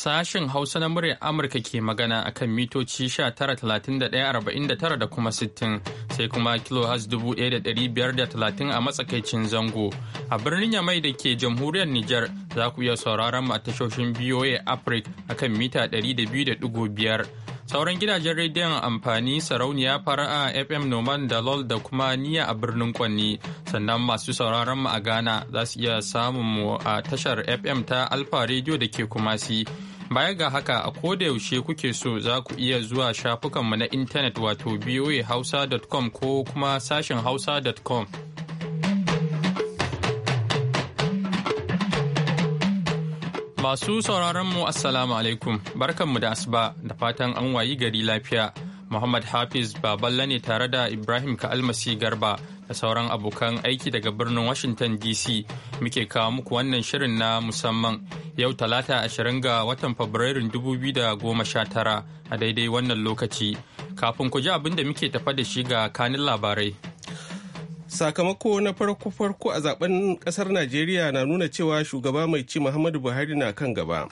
Sashen Hausa na muryar Amurka ke magana a kan mitoci 19,31,49 da kuma 60 sai kuma da 1,530 a matsakaicin zango. A birnin Yamai da ke jamhuriyar Nijar za ku iya sauraron mu a tashoshin BOA Africa a kan mita 200.5. Sauran gidajen rediyon amfani sarauniya fara'a FM Noman da LOL da kuma Niya a birnin Kwanni. Sannan masu sauraron mu a Ghana za su iya samun mu a tashar FM ta Alfa Radio da ke Kumasi. Baya ga haka a koda yaushe kuke so za ku iya zuwa shafukanmu na intanet wato voahausa.com ko kuma sashen hausa.com. Masu sauraron mu Assalamu alaikum, barkanmu da asuba da fatan an wayi gari lafiya. Muhammad Hafiz Baballa ne tare da Ibrahim Ka'almasi Garba da sauran abokan aiki daga birnin Washington DC muke kawo muku wannan shirin na musamman yau talata ashirin ga watan Fabrairun 2019 a daidai wannan lokaci. Kafin ku ji abin da muke tafa da shi ga kanin labarai. sakamako na farko-farko a zaben kasar najeriya na nuna cewa shugaba mai ci muhammadu buhari na kan gaba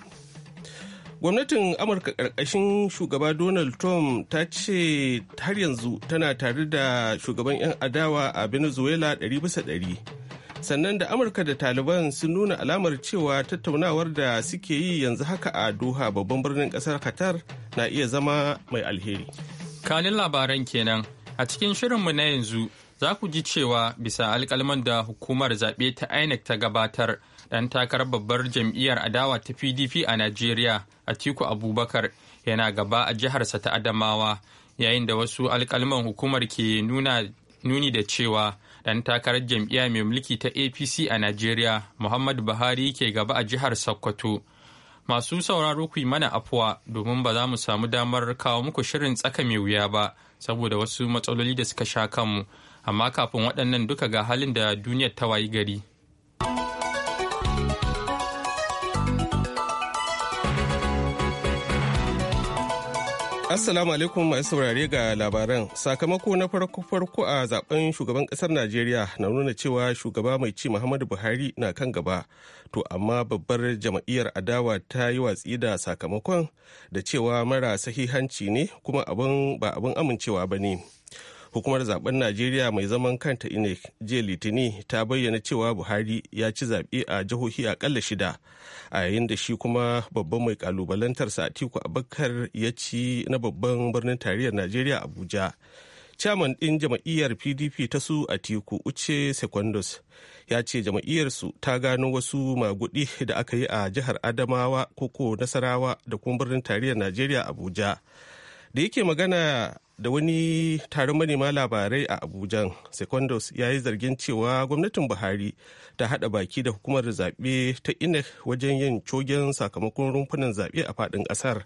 gwamnatin amurka karkashin shugaba donald trump ta ce har yanzu tana tare da shugaban 'yan adawa a venezuela 100 sannan da amurka da taliban sun nuna alamar cewa tattaunawar da suke yi yanzu haka a doha babban birnin kasar qatar na iya zama mai alheri kanin labaran kenan a cikin shirinmu na yanzu za ku ji cewa bisa alkalman da hukumar zaɓe ta INEC ta gabatar ɗan takarar babbar jam'iyyar adawa ta PDP a Najeriya Atiku Abubakar yana gaba a jiharsa ta Adamawa yayin da wasu alkalman hukumar ke nuna nuni da cewa ɗan takarar jam'iyya mai mulki ta APC a Najeriya Muhammadu Buhari ke gaba a jihar Sokoto. Masu sauraro ku mana afuwa domin ba za mu samu damar kawo muku shirin tsaka mai wuya ba saboda wasu matsaloli da suka sha kanmu. amma kafin waɗannan duka ga halin da duniyar ta wayi gari. Assalamu alaikum masu saurare ga labaran. Sakamako na farko-farko a zaben shugaban kasar Najeriya na nuna cewa shugaba mai ci Muhammadu Buhari na kan gaba. To amma babbar jam'iyyar adawa ta yi watsi da sakamakon da cewa mara sahihanci ne kuma abin ba abin amincewa ba ne. hukumar zaben najeriya mai zaman kanta inec jiya litini ta bayyana cewa buhari ya ci zaɓe a jihohi akalla shida a yayin da shi kuma babban mai kalubalantarsa atiku abakar ya ci na babban birnin tarayyar najeriya abuja chairman ɗin jama'iyyar pdp ta su atiku uche secondos ya ce jam'iyyarsu ta gano wasu magudi da aka yi a jihar adamawa koko nasarawa da kuma birnin tarayyar najeriya abuja da yake magana da wani taron manema labarai a abuja secondos ya yi zargin cewa gwamnatin buhari ta hada baki da hukumar zaɓe ta inec wajen yin cogen sakamakon rumfunan zaɓe a faɗin ƙasar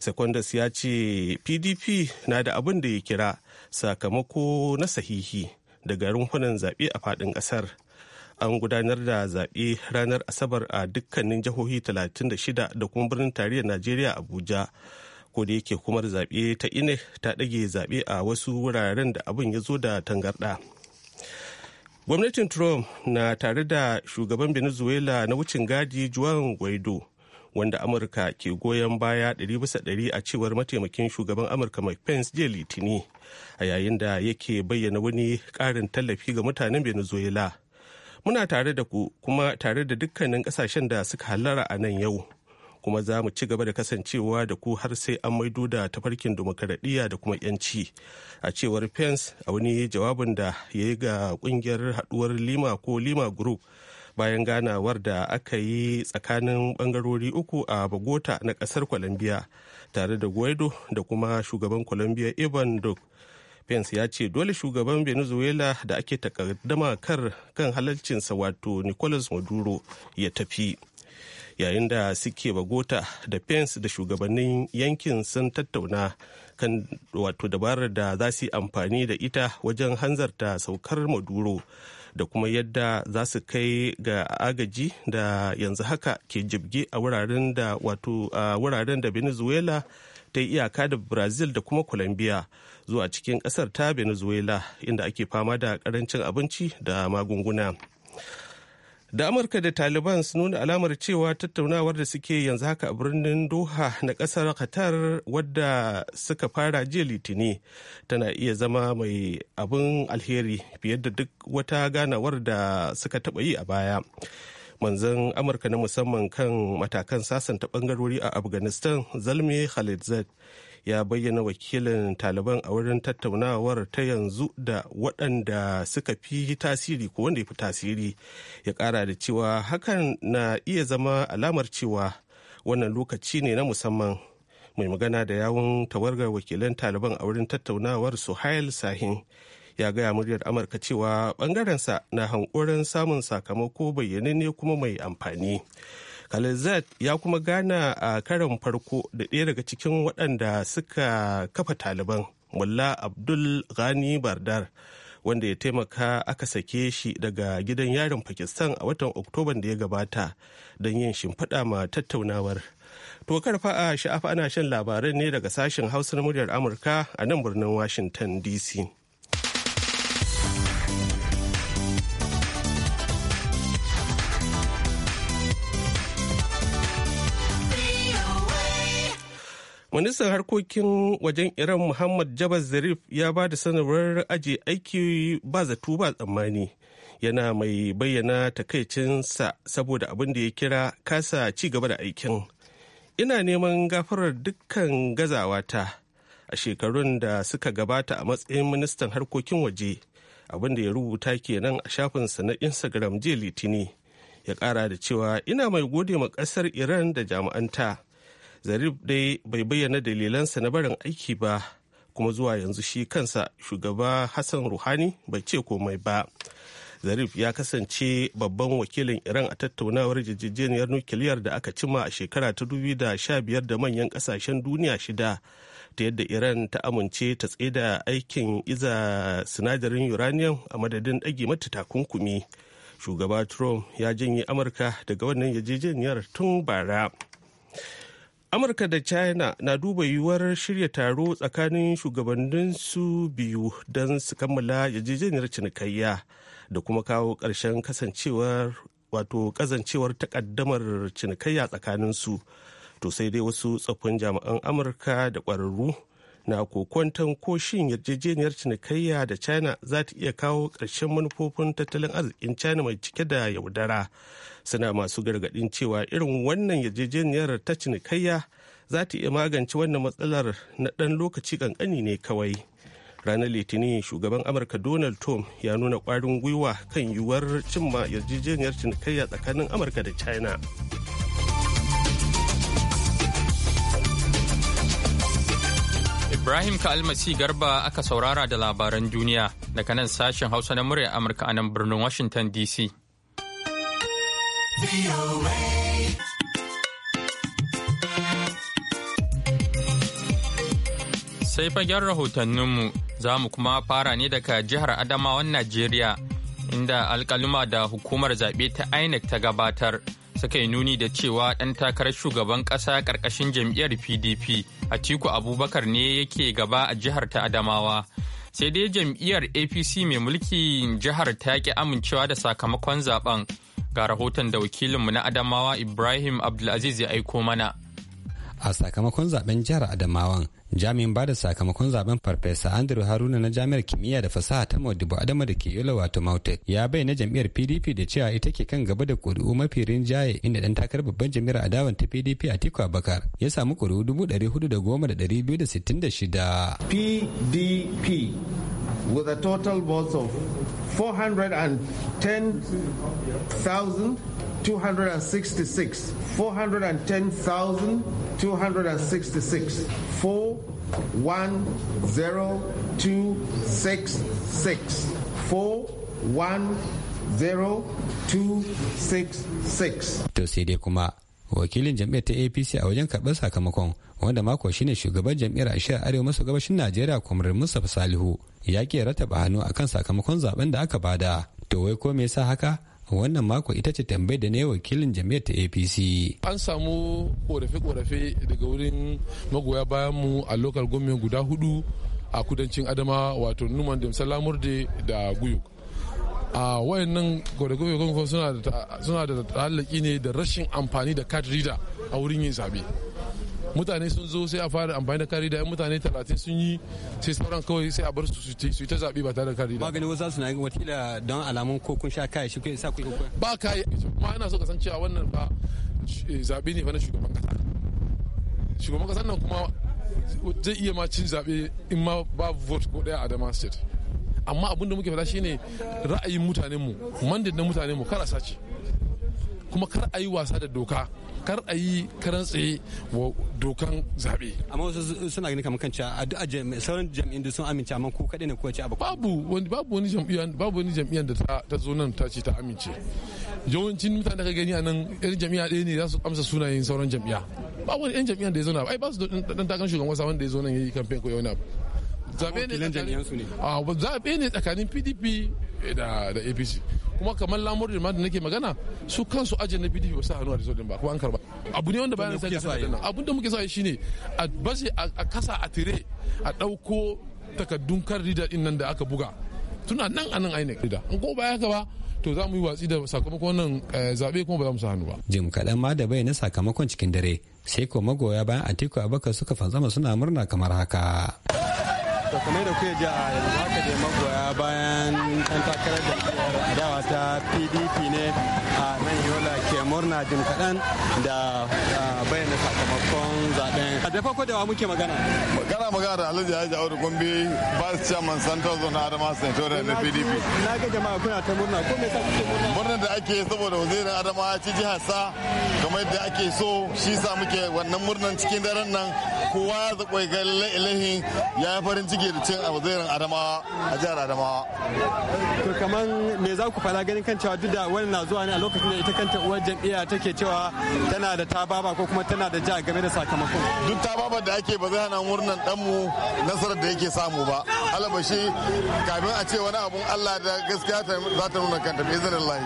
secondos ya ce pdp na da abin da ya kira sakamako na sahihi daga rumfunan zaɓe a faɗin ƙasar an gudanar da zaɓe ranar asabar a dukkanin jihohi 36 da kuma birnin tarayyar najeriya abuja ko da yake kuma zaɓe ta ine ta ɗage zaɓe a wasu wuraren da abin ya zo da tangarɗa gwamnatin trump na tare da shugaban venezuela na wucin gadi juan guaido wanda amurka ke goyon baya 100% a cewar mataimakin shugaban amurka mike pence jiya litini a yayin da yake bayyana wani ƙarin tallafi ga mutanen venezuela muna tare da ku kuma tare da dukkanin kasashen da suka halara a nan yau kuma za mu ci gaba da kasancewa da ku har sai an maido da tafarkin dimokuraɗiyya da kuma 'yanci a cewar pence a wani jawabin da ya yi ga kungiyar haduwar lima ko lima group bayan ganawar da aka yi tsakanin bangarori uku a bogota na ƙasar colombia tare da guaido da kuma shugaban colombia ivan duk Pence ya ce dole shugaban Venezuela da ake takaddama kar kan halalcinsa wato Nicolas Maduro ya tafi. yayin da suke bagota da pence da shugabannin yankin sun tattauna kan wato dabarar da za su yi amfani da ita wajen hanzarta saukar maduro da kuma yadda za su kai ga agaji da yanzu haka ke jibge a wuraren da wato a wuraren da venezuela ta yi iyaka da brazil da kuma colombia zuwa cikin kasar ta venezuela inda ake fama da karancin abinci da magunguna da amurka da taliban su nuna alamar cewa tattaunawar da suke yanzu haka a birnin doha na kasar qatar wadda suka fara jiya litini tana iya zama mai abin alheri fiye da duk wata ganawar da suka taba yi a baya manzan amurka na musamman kan matakan sasanta bangarori a afghanistan zalmi khalid ya bayyana wakilin taliban a wurin tattaunawar ta yanzu da waɗanda suka fi tasiri ko wanda ya fi tasiri ya kara da cewa hakan na iya zama alamar cewa wannan lokaci ne na musamman mai magana da yawun tawargar wakilan taliban a wurin tattaunawar suhail sahin ya gaya muryar amurka cewa bangarensa na hankoron samun sakamako bayyane ne kuma mai amfani Khalilzad ya kuma gana a karon farko da ɗaya daga cikin waɗanda suka kafa taliban Mulla Abdul Ghani Bardar wanda ya taimaka aka sake shi daga gidan yarin Pakistan a watan Oktoban da ya gabata don yin shimfiɗa ma tattaunawar. To karfa a sha'afa ana shan labarai ne daga sashen Hausa na muryar Amurka a nan birnin Washington DC. ministan harkokin wajen iran muhammad jabal zarif ya ba da sanarwar aji aiki ba zato ba tsammani yana mai bayyana takaicinsa saboda abin da ya kira kasa ci gaba da aikin ina neman gafarar dukkan gazawata a shekarun da suka gabata a matsayin ministan harkokin waje abin da ya rubuta kenan a shafinsa na instagram jiya litini ya ƙara da cewa ina mai gode ma ƙasar iran da jami'anta zarif dai bai bayyana dalilansa na barin aiki ba kuma zuwa yanzu shi kansa shugaba hassan ruhani bai ce komai ba zarif ya kasance babban wakilin iran a tattaunawar jijjijeniyar nukiliyar da aka cima a shekara ta biyar da manyan kasashen duniya shida ta yadda iran ta amince ta tsaida aikin iza sinadarin uranium a madadin ɗage mata takunkumi shugaba trump ya janye amurka daga wannan yarjejeniyar tun bara amurka da china na duba yiwuwar shirya taro tsakanin shugabannin su biyu don su kammala yarjejeniyar cinikayya da kuma kawo ƙarshen kasancewar wato kazancewar takaddamar cinikayya tsakanin su to sai dai wasu tsoffin jami'an amurka da ƙwararru na kokwanton ko shin yarjejeniyar cinikayya da china za ta iya kawo ƙarshen manufofin tattalin arzikin china mai cike da yaudara suna masu gargaɗin cewa irin wannan yarjejeniyar ta cinikayya za ta iya magance wannan matsalar na ɗan lokaci kankani ne kawai ranar litinin shugaban amurka donald trump ya nuna kwarin gwiwa kan yiwuwar cimma yarjejeniyar cinikayya tsakanin amurka da china Ibrahim Kalmasi Garba aka saurara da labaran duniya daga nan sashen Hausa na murya Amurka a nan birnin Washington DC. Sai fagen rahotanninmu za mu kuma fara ne daga jihar Adamawan Najeriya inda alkaluma da hukumar zaɓe ta INEC ta gabatar. suka yi nuni da cewa ɗan takarar shugaban ƙasa ƙarƙashin jam'iyyar pdp atiku abubakar ne yake gaba a jihar ta adamawa sai dai jam'iyyar apc mai mulki jihar ta ki amincewa da sakamakon zaben ga rahoton da wakilinmu na adamawa ibrahim abdulaziz ya aiko mana a sakamakon zaben jihar adamawan jami'in bada sakamakon zaben farfesa andrew haruna na jami'ar kimiyya da fasaha ta modibo adama da ke yola wato mautek ya bayyana jam'iyyar pdp da cewa ita ke kan gaba da kuri'u mafi rinjaye inda dan takarar babban jam'iyyar adawan ta pdp a atiku abakar ya samu kuri'u dubu dari hudu da goma da dari biyu da sittin da shida pdp with a total votes of 410,000 266 410,266 to sai dai kuma wakilin jam'iyyar ta apc a wajen karɓar sakamakon wanda mako shine shugaban jam'iyyar a shiyar arewa maso gabashin najeriya kwamrar mustapha salihu ya ke rataba hannu akan sakamakon zaben da aka bada to wai ko me yasa haka wannan mako ita ce tambayar da ne wakilin jami'ar ta apc an samu korafe-korafe daga wurin magoya bayan mu a local government guda hudu a kudancin adama wato numan da salamurde da guyuk a wayannan korafe suna da ta'allaki ne da rashin amfani da card reader a wurin yin zabe mutane sun zo sai a fara amfani da kari da yan mutane talatin sun yi sai sauran kawai sai a bar su su ta zaɓe ba tare da kari da gani wasu suna yin watila don alamun ko kun sha kai shi sa ku ba kai kuma ina so ka san cewa wannan ba eh, zaɓe ne ba na shugaban kasa shugaban kasar nan kuma zai iya ma cin zaɓe in ma ba vote ko ɗaya a dama state amma abin da muke faɗa shine ra'ayin mutanenmu mandin na mutanenmu kar a sace kuma kar a yi wasa da doka kar a yi karan tsaye wa dokan zaɓe. amma wasu suna gani kamar kanci a sauran jam'in da sun amince amma ko kaɗai ne kuwa ce abu. babu wani babu wani jam'iyyar babu wani jam'iyyar da ta zo nan ta ce ta amince yawancin mutane da ka gani a nan yan jam'iyya ɗaya ne za su amsa sunayen sauran jam'iyya Babu wani yan jam'iyyar da ya zo na ai ba su dan takan shugaban wasa wanda ya zo nan ya yi kamfen ko yau na zaɓe ne tsakanin pdp da apc kuma kamar lamurin ma da nake magana su kansu ajiyar na pdp ba sa hannu a result ba kuma an karba abu ne wanda bayan sai nan abun da muke sa shine a base a kasa a tire a ɗauko takaddun kan rida din nan da aka buga tuna nan a nan ainihin rida in ko baya ka ba to za mu yi watsi da sakamakon nan eh, zaɓe kuma ba za mu sa hannu ba. jim kaɗan ma da bai na sakamakon cikin dare sai ko magoya bayan atiku abakar suka fanzama suna murna kamar haka. to kamar da kuke ji a yanzu haka dai magoya bayan ɗan takarar da adawa ta pdp ne a nan murna jin kaɗan da bayyana sakamakon zaɓen. Da farko da wa muke magana? Magana magana da Alhaji Haji Audu Gombe, Vice Chairman Central Zone Adama Senatorial na PDP. Na ga jama'a kuna ta murna, ko me yasa kuke murna? Murnar da ake saboda wazirin Adama ci jihar sa kamar yadda ake so shi sa muke wannan murnan cikin daren nan kowa ya zaɓo ga ilahi ya yi farin ciki da cin wazirin adama a jihar adama. To kaman me za ku fara ganin kan cewa duk da wani na zuwa ne a lokacin da ita kanta uwar iya take cewa tana da tababa ko kuma tana da ja game da sakamakon duk tababa da ake ba zai hana murnan danmu nasarar da yake samu ba albashi kafin a ce wani abun allah da gaskiya za ta nuna kanta bai zarar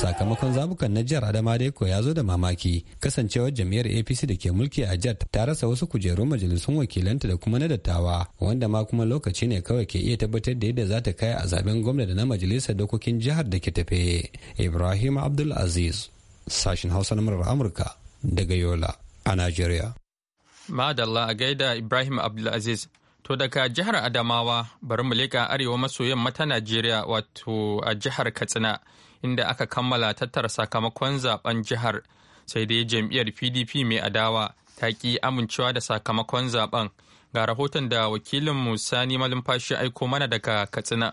sakamakon zabukan na jihar adama deko ya zo da mamaki kasancewar jam'iyyar apc da ke mulki a jihar ta rasa wasu kujerun majalisun wakilanta da kuma na dattawa wanda ma kuma lokaci ne kawai ke iya tabbatar da yadda za ta kai a zaben gwamna da na majalisar dokokin jihar da ke tafe ibrahim Ibrahim Abdulaziz sashen Hausa na murar Amurka daga Yola a Najeriya. Madalla a gaida Ibrahim Abdulaziz to daga jihar Adamawa bari mu leƙa arewa maso yamma ta Najeriya wato a jihar Katsina inda aka kammala tattara sakamakon zaben jihar sai dai jam'iyyar PDP mai adawa ta ƙi amincewa da sakamakon zaben ga rahoton da wakilin Musani Malumfashi aiko mana daga Katsina.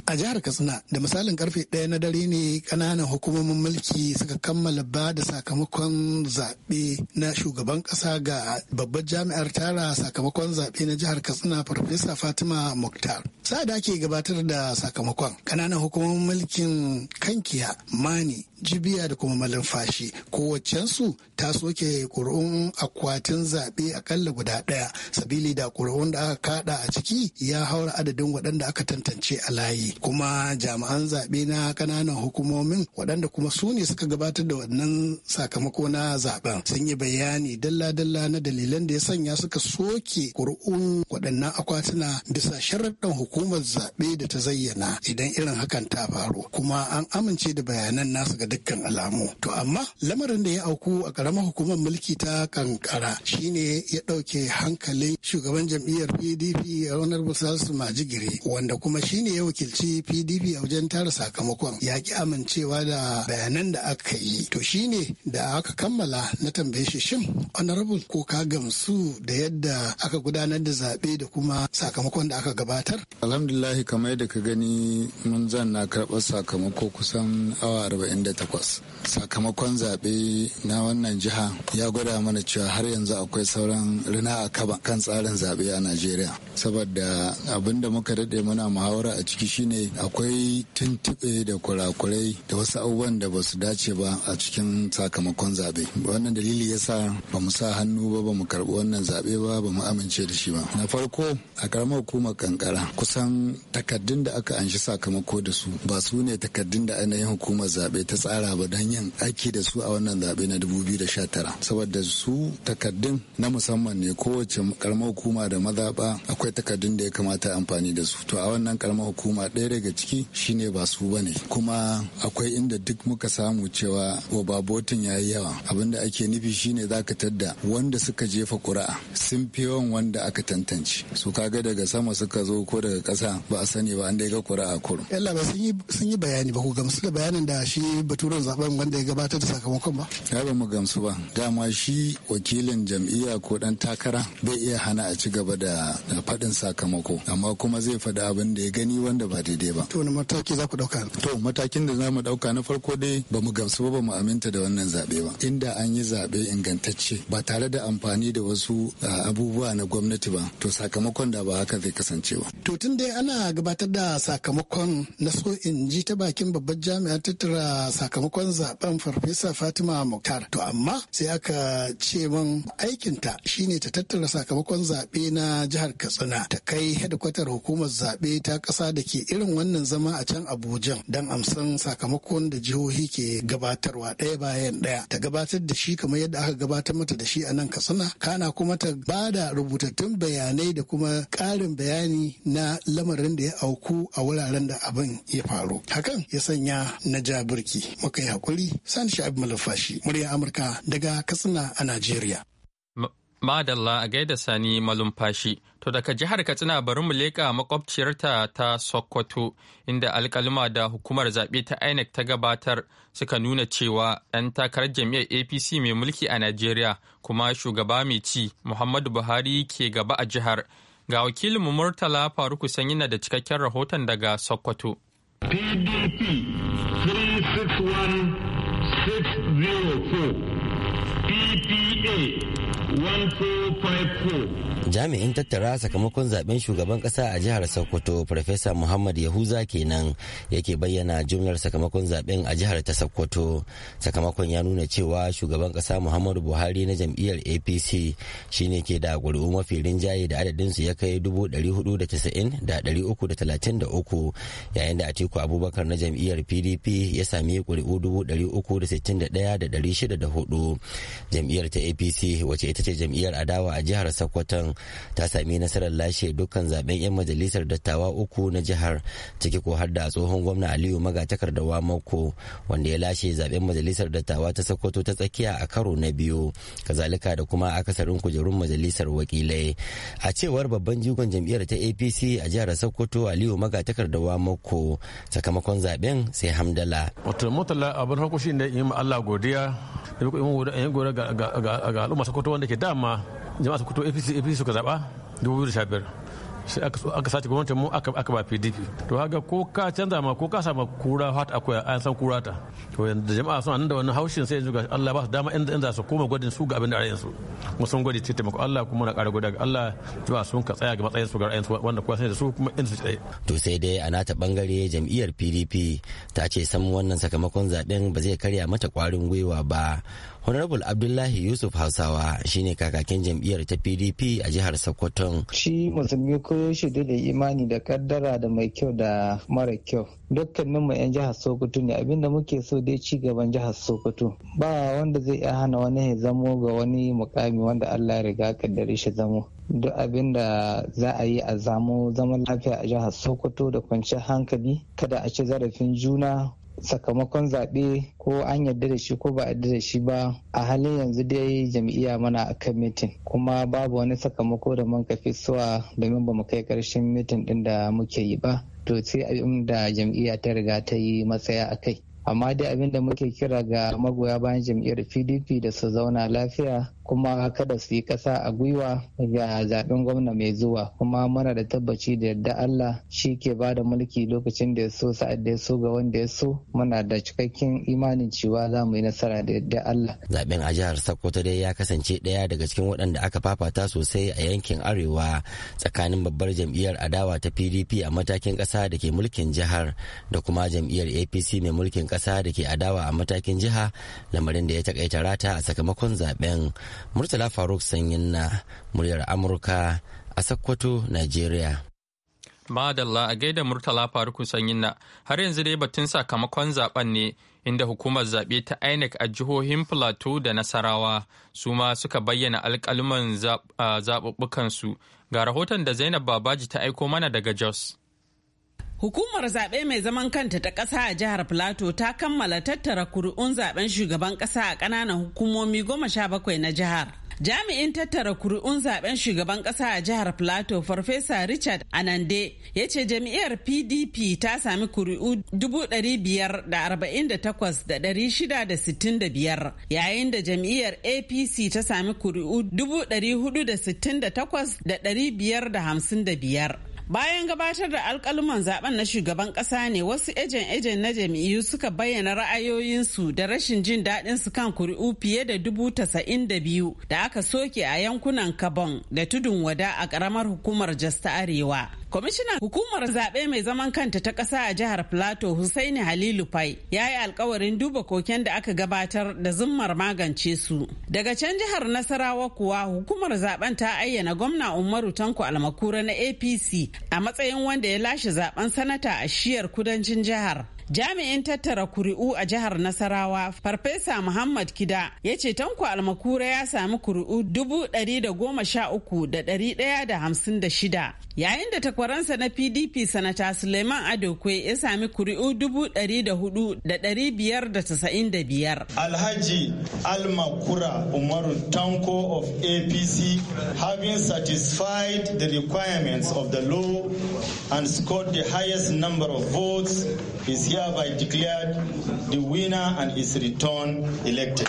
a jihar katsina da misalin karfe ɗaya na dare ne ƙananan hukumomin mulki suka kammala ba da sakamakon zaɓe na shugaban ƙasa ga babbar jami'ar tara sakamakon zaɓe na jihar katsina farfesa fatima muktar da ake gabatar da sakamakon ƙananan hukumomin mulkin kankiya mani jibiya da kuma malumfashi kowaccensu ta soke ƙuri'un akwatin zaɓe aƙalla guda ɗaya sabili da ƙuri'un da aka kaɗa a ciki ya haura adadin waɗanda aka tantance a layi kuma jami'an zaɓe na ƙananan hukumomin waɗanda kuma su ne suka gabatar da wannan sakamako na zaben sun yi bayani dalla-dalla na dalilan da ya sanya suka soke ƙuri'un waɗannan akwatuna bisa sharaɗin hukumar zaɓe da ta zayyana idan irin hakan ta faru kuma an amince da bayanan nasu ga dukkan alamu to amma lamarin da ya auku a ƙaramar hukumar mulki ta kankara shine ya ɗauke hankalin shugaban jam'iyyar pdp a ranar su majigiri wanda kuma shine ya wakilci pdp a wajen tara sakamakon ya ki amincewa da bayanan da aka yi to shine da aka kammala na tambaye shi shin honorable ko ka gamsu da yadda aka gudanar da zaɓe da kuma sakamakon da aka gabatar alhamdulillah kamar yadda ka gani mun zan na karɓar sakamako kusan awa 48 sakamakon zaɓe na wannan jiha ya gwada mana cewa har yanzu akwai sauran rina a kaba kan tsarin zaɓe a najeriya saboda abin da muka daɗe muna muhawara a ciki shine akwai tuntuɓe da kurakurai da wasu abubuwan da ba su dace ba a cikin sakamakon zaɓe wannan dalili sa ba mu sa hannu ba ba mu karɓi wannan zaɓe ba ba mu amince da shi ba na farko a karamar hukumar kankara kusan takardun da aka anshi sakamako da su ba su ne takardun da ainihin hukumar zaɓe ta tsara ba don yin aiki da su a wannan zaɓe na 2019 saboda su takardun na musamman ne kowace karamar hukuma da mazaɓa akwai takardun da ya kamata amfani da su to a wannan karamar hukuma ɗaya daga ciki shine ba su bane kuma akwai inda duk muka samu cewa obabotin ya yi yawa abinda ake nufi shine zaka tadda wanda suka jefa kuri'a sun fi yawan wanda aka tantance su kaga daga sama suka zo ko daga ƙasa ba a sani ba an dai ga kuri'a kurum. yalla sun yi bayani ba ku gamsu da bayanin da shi baturen zaben wanda ya gabatar da sakamakon ba. ya ba mu gamsu ba dama shi wakilin jam'iyya ko dan takara bai iya hana a ci gaba da faɗin sakamako amma kuma zai faɗi abin da ya gani wanda ba daidai daidai ba. To wani mataki za ku ɗauka? To matakin da za mu ɗauka na farko dai ba mu gamsu ba mu aminta da wannan zaɓe ba. Inda an yi zaɓe ingantacce ba tare da amfani da wasu abubuwa na gwamnati ba to sakamakon da ba haka zai kasance ba. To tun dai ana gabatar da sakamakon na so in ji ta bakin babbar jami'a tattara sakamakon zaben farfesa Fatima muktar To amma sai aka ce min aikinta shine ta tattara sakamakon zaɓe na jihar Katsina ta kai hedkwatar hukumar zaɓe ta ƙasa da ke irin wannan zama a can Abuja don amsan sakamakon da jihohi ke gabatarwa ɗaya bayan ɗaya ta gabatar da shi kamar yadda aka gabatar mata da shi a nan Katsina kana kuma ta ba da rubutattun bayanai da kuma ƙarin bayani na lamarin da ya auku a wuraren da abin ya faru. Hakan ya sanya na ja birki muka yi hakuri sani sha'ib malafashi murya Amurka daga Katsina a Najeriya. Madalla a gaida Sani malumfashi. To daga jihar Katsina bari mu leƙa makwabciyarta ta Sokoto inda alƙaluma da hukumar zaɓe ta INEC ta gabatar suka nuna cewa ɗan takarar jami'ar APC mai mulki a Najeriya kuma shugaba mai ci Muhammadu Buhari ke gaba a jihar. Ga wakilin mu Murtala Faruku Sanyina da cikakken rahoton daga Sokoto. jami'in tattara sakamakon zaben shugaban kasa a jihar sokoto farfesa muhammad yahuza kenan yake bayyana jumlar sakamakon zaben a jihar ta sokoto sakamakon ya nuna cewa shugaban kasa muhammadu buhari na jam'iyyar apc shine ke da ƙuri'u mafi rinjaye da adadinsu ya kai 490,333 yayin da atiku abubakar na jam'iyyar pdp ya sami ƙuri'u 361,604 jam'iyyar ta apc wacce ita ce jam'iyyar adawa a jihar sokoton ta sami nasarar lashe dukkan zaben 'yan majalisar dattawa uku na jihar ciki ko har da tsohon gwamna aliyu magatakardawa mako wanda ya lashe zaben majalisar dattawa ta sokoto ta tsakiya a karo na biyu kazalika da kuma akasarin kujerun majalisar wakilai a cewar babban jigon jam'iyyar ta apc a jihar sokoto aliyu magatakardawa mako sakamakon zaben sai hamdala wato mutala abin hukushi ne yi allah godiya da yi godiya ga al'umma sokoto wanda ke dama jama'a su kuto apc apc suka zaba 2015 sai aka sace gwamnatin mu aka ba pdp to haka ko ka canza ma ko ka sama kura hat akwai a san kura ta to da jama'a suna nan da wani haushin sai yanzu ga Allah ba su dama inda za su koma gwadin su ga abin da ra'ayin su mu sun gwadi ce taimako Allah kuma na ƙara gwada ga Allah jama'a sun ka tsaya ga matsayin su ga ra'ayin su wanda kuwa sai da su kuma in su tsaye to sai dai a nata bangare jam'iyyar PDP ta ce san wannan sakamakon zaben ba zai karya mata kwarin gwiwa ba honorable abdullahi yusuf hausawa shine kakakin jam'iyyar ta pdp a jihar Sokoto. shi musulmi ko shi da imani da kaddara da mai kyau da mara kyau dukkanin mu 'yan jihar sokoto ne abinda muke so dai ci gaban jihar sokoto ba wanda zai iya hana wani ya zamo ga wani mukami wanda allah ya riga kaddare shi zamo duk abin da za a yi a zamo zaman lafiya a jihar sokoto da kwanciyar hankali kada a ci zarafin juna sakamakon zaɓe ko an yarda da shi ko ba yarda da shi ba a halin yanzu dai jam'iyya mana a kan mitin kuma babu wani sakamako da man kafi suwa domin ba mu kai ƙarshen mitin ɗin da muke yi ba to sai abin da jam'iyya ta riga ta yi matsaya a kai amma dai abin da muke kira ga magoya bayan jam'iyyar pdp da su zauna lafiya kuma kada su yi kasa a gwiwa ga zaben gwamna mai zuwa kuma muna da tabbaci da yadda Allah shi ke ba da mulki lokacin da ya so sa'ad da ya so ga wanda ya so muna da cikakken imanin cewa za mu yi nasara da yadda Allah. Zaben a jihar Sokoto dai ya kasance ɗaya daga cikin waɗanda aka fafata sosai a yankin Arewa tsakanin babbar jam'iyyar adawa ta PDP a matakin ƙasa da ke mulkin jihar da kuma jam'iyyar APC mai mulkin ƙasa da ke adawa a matakin jiha lamarin da ya takaita rata a sakamakon zaben. Murtala Faruk Sanyin na muryar Amurka a Sokoto, Najeriya. Madalla a gaida Murtala Faruk Sanyin na har yanzu dai batun sakamakon zaben ne inda hukumar zaɓe ta INEC a jihohin Plateau da Nasarawa su ma suka bayyana alƙaluman zaɓuɓɓukansu ga rahoton da Zainab Babaji ta aiko mana daga Jos. Hukumar zaɓe mai zaman kanta ta ƙasa a jihar Plateau ta kammala tattara kuri'un zaɓen shugaban ƙasa a ƙananan hukumomi goma sha bakwai na jihar. Jami'in tattara kuri'un zaben shugaban ƙasa a jihar Plateau, Farfesa Richard Anande, ya ce jami'ar PDP ta sami kuri'u 548,665 yayin da jami'ar APC ta sami kuri'u biyar. Bayan gabatar da alkaluman zaben na shugaban kasa ne wasu ejen-ejen na jam'iyyu suka bayyana ra'ayoyinsu da rashin jin daɗin su kan kuri'u fiye da dubu tasa'in da biyu da aka soke a yankunan Kabon da tudun wada a ƙaramar hukumar Jasta Arewa. Kwamishinan hukumar zaɓe mai zaman kanta ta ƙasa a jihar plato Hussaini Halilu Fai ya yi alkawarin duba koken da aka gabatar da zummar magance su. Daga can jihar Nasarawa kuwa hukumar zaɓen ta ayyana gwamna Umaru Tanko Almakura na APC a matsayin wanda ya lashe zaben sanata a shiyar kudancin jihar. Jami'in tattara kuri'u a jihar Nasarawa, Farfesa Muhammad Kida ya ce Tanko Almakura ya sami kuri'u dubu ɗari da goma sha uku da ɗari ɗaya da hamsin da shida, Yayin da takwaransa na PDP Sanata Suleiman Adokwe ya sami kuri'u biyar. da da biyar. Alhaji Almakura Umaru Tanko of APC having satisfied the requirements of the law and scored the highest number of votes is hereby declared the winner and is returned elected.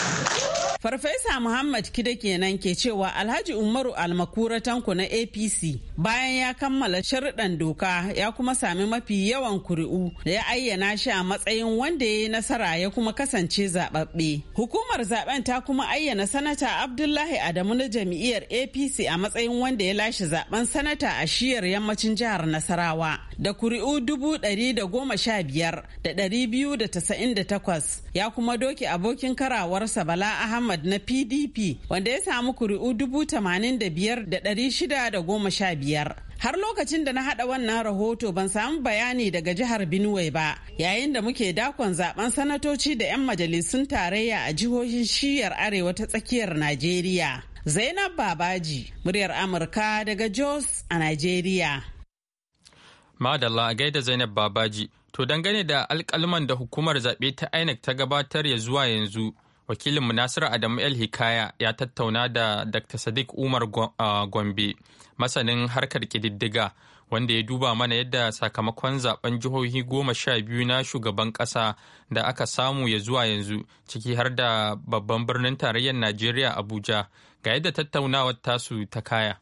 Farfesa Muhammad Kida kenan ke cewa Alhaji Umaru Almakura Tanko na APC bayan ya kammala sharuɗan doka ya kuma sami mafi yawan kuri'u da ya ayyana shi a matsayin wanda ya yi nasara ya kuma kasance zaɓaɓɓe. Hukumar zaɓen ta kuma ayyana sanata Abdullahi Adamu na jam'iyyar APC a matsayin wanda ya lashe zaben sanata a shiyar yammacin jihar Nasarawa da kuri'u dubu ɗari da goma sha biyar da ɗari biyu da tasa'in da takwas ya kuma doke abokin karawarsa Bala Ahmad Ahmad na PDP wanda ya samu kuri'u dubu tamanin da biyar da ɗari shida da goma sha biyar. Har lokacin da na hada wannan rahoto ban samu bayani daga jihar Benue ba, yayin da muke dakon zaben sanatoci da 'yan majalisun tarayya a jihohin shiyar arewa ta tsakiyar Najeriya. Zainab Babaji, muryar Amurka daga Jos a Najeriya. Madalla a gaida Zainab Babaji, to dangane da alkalman da hukumar zaɓe ta INEC ta gabatar ya zuwa yanzu, wakilinmu nasiru adamu el hikaya ya tattauna da dr sadiq umar gombe masanin harkar kididdiga wanda ya duba mana yadda sakamakon zaben jihohi goma sha biyu na shugaban ƙasa da aka samu ya zuwa yanzu ciki har da babban birnin tarayyar najeriya abuja ga yadda tattaunawar tasu ta kaya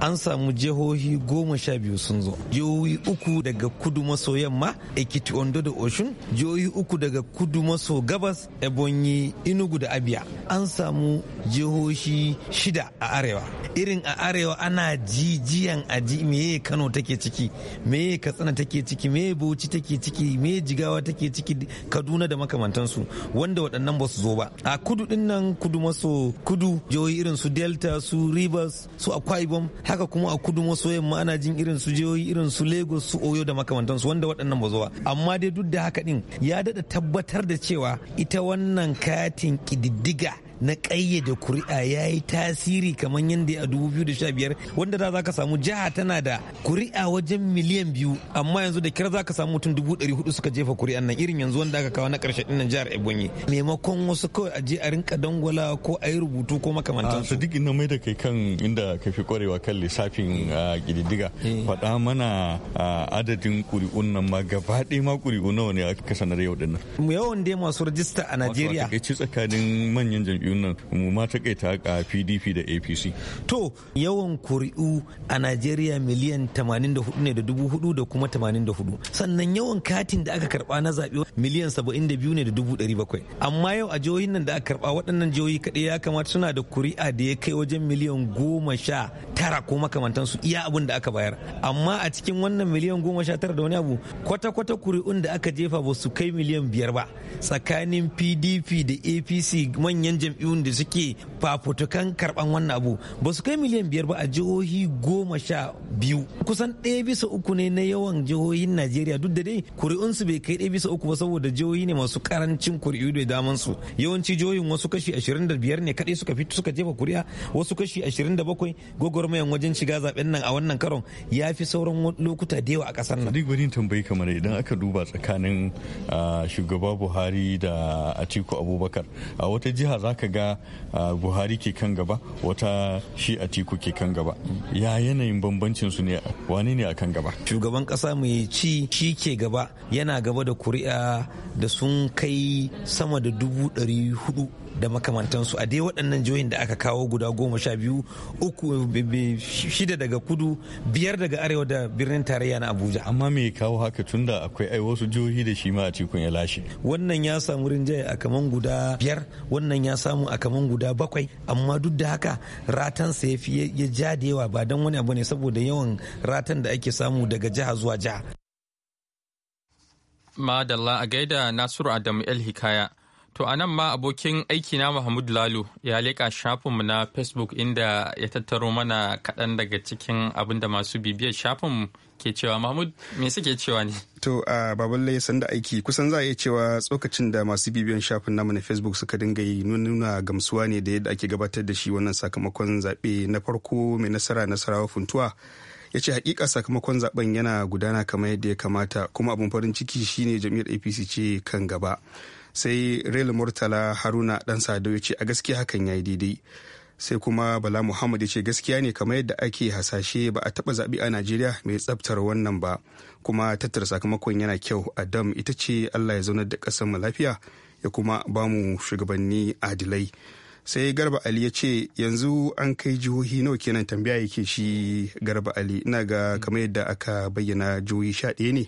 an samu jihohi goma sha biyu sun zo jihohi uku daga kudu maso yamma ekiti ondo da oshun jihohi uku daga kudu maso gabas ebonyi inugu da abia an samu jihohi shida a arewa irin a arewa ana jijiyan aji meye kano take ciki meye katsina take ciki meye bauchi take ciki meye jigawa take ciki kaduna da makamantansu wanda waɗannan ba su zo ba a kudu ɗinnan kudu maso kudu jihohi irin su delta su rivers su akwa ibom haka kuma a kudu maso yamma ana jin irin su jihohi irin su Lagos su Oyo da makamantansu wanda waɗannan ba zuwa amma dai duk da haka din ya daɗa tabbatar da cewa ita wannan katin ƙididdiga na da kuri'a ya yi tasiri kamar yadda a 2015 wanda da za ka samu jiha tana da kuri'a wajen miliyan biyu amma yanzu da kira za ka samu mutum 400 suka jefa kuri'an nan irin yanzu wanda aka kawo na karshe din nan jihar Ebonyi maimakon wasu kawai a je a rinka dangwala ko a yi rubutu ko makamantan su. duk ina mai da kai kan inda ka fi kwarewa kan lissafin ƙididdiga eh. faɗa mana adadin ƙuri'un nan ma gaba ma ƙuri'un nawa ne aka sanar yau da nan. Yawan dai masu rajista a Najeriya. a tsakanin manyan jam'iyyu jam'iyyun nan mu ma kaita ga pdp da apc to yawan kuri'u a najeriya miliyan 84 ne da dubu hudu da kuma 84 sannan yawan katin da aka karba na zaɓe miliyan 72 ne da dubu 700 amma yau a jihohin nan da aka karba waɗannan jihohi kaɗai ya kamata suna da kuri'a da ya kai wajen miliyan goma sha tara ko su iya abin da aka bayar amma a cikin wannan miliyan goma sha tara da wani abu kwata-kwata kuri'un da aka jefa ba su kai miliyan biyar ba tsakanin pdp da apc manyan jam'iyyun da suke fafutukan karban wannan abu ba su kai miliyan biyar ba a jihohi goma sha biyu kusan ɗaya bisa uku ne na yawan jihohin najeriya duk da dai kuri'unsu bai kai ɗaya bisa uku ba saboda jihohi ne masu karancin kuri'u da daman su yawanci jihohin wasu kashi ashirin da biyar ne kaɗai suka fito suka jefa kuri'a wasu kashi ashirin da bakwai gwagwarmayan wajen shiga zaben nan a wannan karon ya fi sauran lokuta da yawa a ƙasar nan. duk bari tambayi kamar idan aka duba tsakanin ah, shugaba Buhari da Atiku Abubakar a wata jiha za ka ga buhari ke kan gaba wata shi a tiku ke kan gaba ya yanayin bambancin su ne wani ne a kan gaba shugaban kasa mai ci shi ke gaba yana gaba da kuri'a da sun kai sama da dubu ɗari hudu da makamantansu a dai waɗannan jihohin da aka kawo guda goma sha biyu uku shida daga kudu biyar daga arewa da birnin tarayya na abuja amma me kawo haka tunda akwai ai wasu jihohi da shi ma a cikin ya lashe wannan ya samu rinjaye a kaman guda biyar wannan ya samu a kaman guda bakwai amma duk da haka ratansa ya fi ya ja da yawa ba don wani abu ne saboda yawan ratan da ake samu daga jiha zuwa jiha madalla a gaida nasiru adamu el hikaya To a nan ma abokin aikina Mahmud lalu ya leƙa shafinmu na Facebook inda ya tattaro mana kaɗan daga cikin abin da masu bibiyar shafinmu ke cewa Mahmud me suke cewa ne? To a baballe da aiki kusan za a iya cewa tsokacin da masu bibiyan shafin namu na Facebook suka dinga yi nuna gamsuwa ne da yadda ake gabatar da shi wannan sakamakon zaɓe na farko mai nasara nasarawa funtuwa. ya ce hakika sakamakon zaben yana gudana kamar yadda ya kamata kuma abin farin ciki shine jam'iyyar apc ce kan gaba sai raila murtala haruna dan sadau ya ce a gaskiya hakan ya yi daidai sai kuma bala muhammad ya ce gaskiya ne kamar yadda ake hasashe ba a taba zaɓi a najeriya mai tsabtar wannan ba kuma tattara sakamakon yana kyau adam ita ce allah ya zaunar da ƙasar lafiya ya kuma bamu shugabanni adilai sai garba ali ya ce yanzu an kai jihohi nawa kenan tambaya yake shi garba ali ina ga hmm. kamar yadda aka bayyana jihohi sha ɗaya ne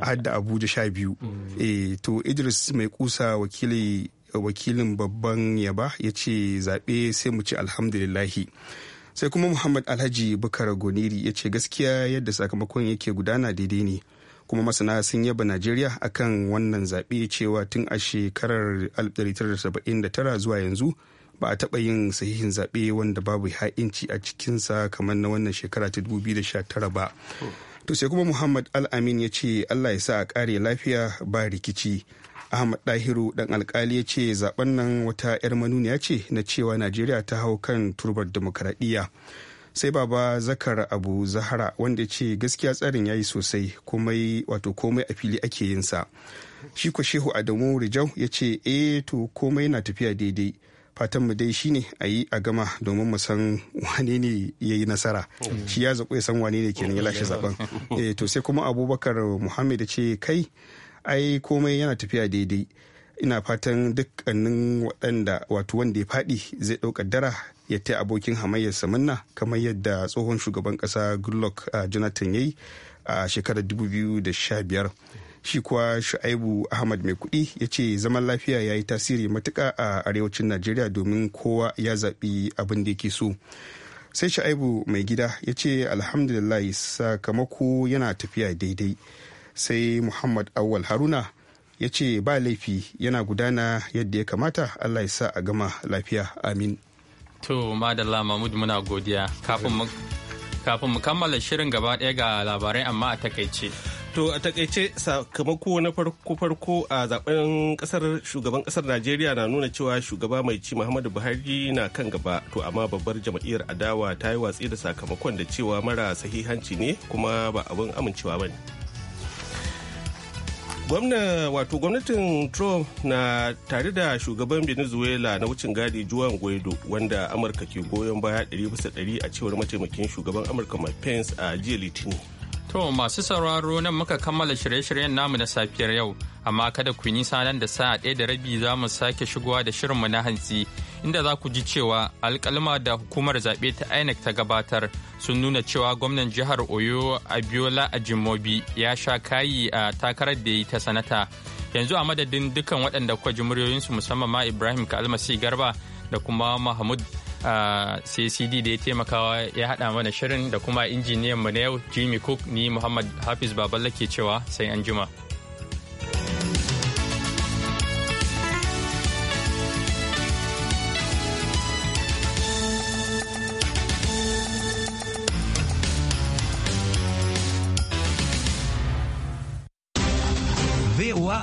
hadda abuja sha biyu hmm. eh, to idris mai kusa wakilin babban yaba ya ce zaɓe sai mu ci alhamdulillahi sai kuma muhammad alhaji bukara goniri ya ce gaskiya yadda sakamakon yake gudana daidai ne kuma masana sun yaba najeriya akan wannan zaɓe cewa tun a shekarar 1979 zuwa yanzu ba a taɓa yin sahihin zaɓe wanda babu ha'inci a cikinsa kamar na wannan shekara ta 2019 ba to sai kuma muhammad al-amin ya ce allah ya sa a kare lafiya ba rikici ahmad dahiru dan alkali ya ce zaben nan wata 'yar manuniya ce na cewa najeriya ta hau kan turbar demokaradiyya sai baba zakar abu zahara wanda ce gaskiya tsarin ya yi sosai komai wato komai a fili ake yin sa shi ko shehu adamu rijau ya ce eh to komai na tafiya daidai fatan mu dai shine a yi a gama domin mu san wane ne ya yi nasara shi ya zaɓo ya san wane ne kenan ya lashe zaben eh to sai kuma abubakar muhammad ce kai ai komai yana tafiya daidai ina fatan dukkanin waɗanda wato wanda ya faɗi zai ɗauka dara ya ta abokin hamayyar samanna kamar yadda tsohon shugaban kasa goodluck uh, jonathan ya yi a shekarar 2015 shi kuwa shu'aibu ahmad mai kuɗi ya ce zaman lafiya ya yi tasiri matuka a arewacin najeriya domin kowa ya zaɓi abin da yake so sai shu'aibu mai gida ya ce alhamdulillah sakamako yana tafiya daidai sai muhammad awal haruna ya ce ba laifi yana gudana yadda ya kamata allah ya sa a gama lafiya amin To, Madalla Mahmud muna godiya. Kafin mu kammala shirin gaba ɗaya ga labarai amma a takaice. To a takaice sakamako na farko-farko a zaben kasar shugaban ƙasar Najeriya na nuna cewa shugaba mai ci Muhammadu Buhari na kan gaba to amma babbar jam'iyyar adawa ta yi watsi da sakamakon da cewa mara sahihanci ne kuma ba abin amincewa ba ne. gwamna wato gwamnatin trump na tare da shugaban venezuela na wucin gadi juan guaido wanda amurka ke goyon baya 100% a cewar mataimakin shugaban amurka mike pence a jiya litini. to masu sauraro nan muka kammala shirye-shiryen namu na safiyar yau amma kada ku nisa nan da sa'a ɗaya da rabi za mu sake shigowa da shirinmu na hantsi inda za ku ji cewa alkalma da hukumar zaɓe ta INEC ta gabatar sun nuna cewa gwamnan jihar Oyo Abiola Ajimobi ya sha kayi a takarar da yi ta sanata. Yanzu a madadin dukkan waɗanda kuka ji muryoyinsu musamman ma Ibrahim Kalmasi Garba da kuma Mahmud CCD da ya taimakawa ya haɗa mana shirin da kuma injiniyan mu na yau Jimmy Cook ni Muhammad Hafiz Baballa ke cewa sai an jima.